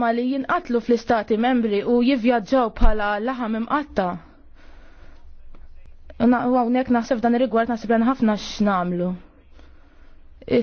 ma li jinqatlu fl-istati membri u jivvjaġġaw bħala laħam imqatta. Għawnek naħseb dan ir-rigward naħseb ħafna x'namlu.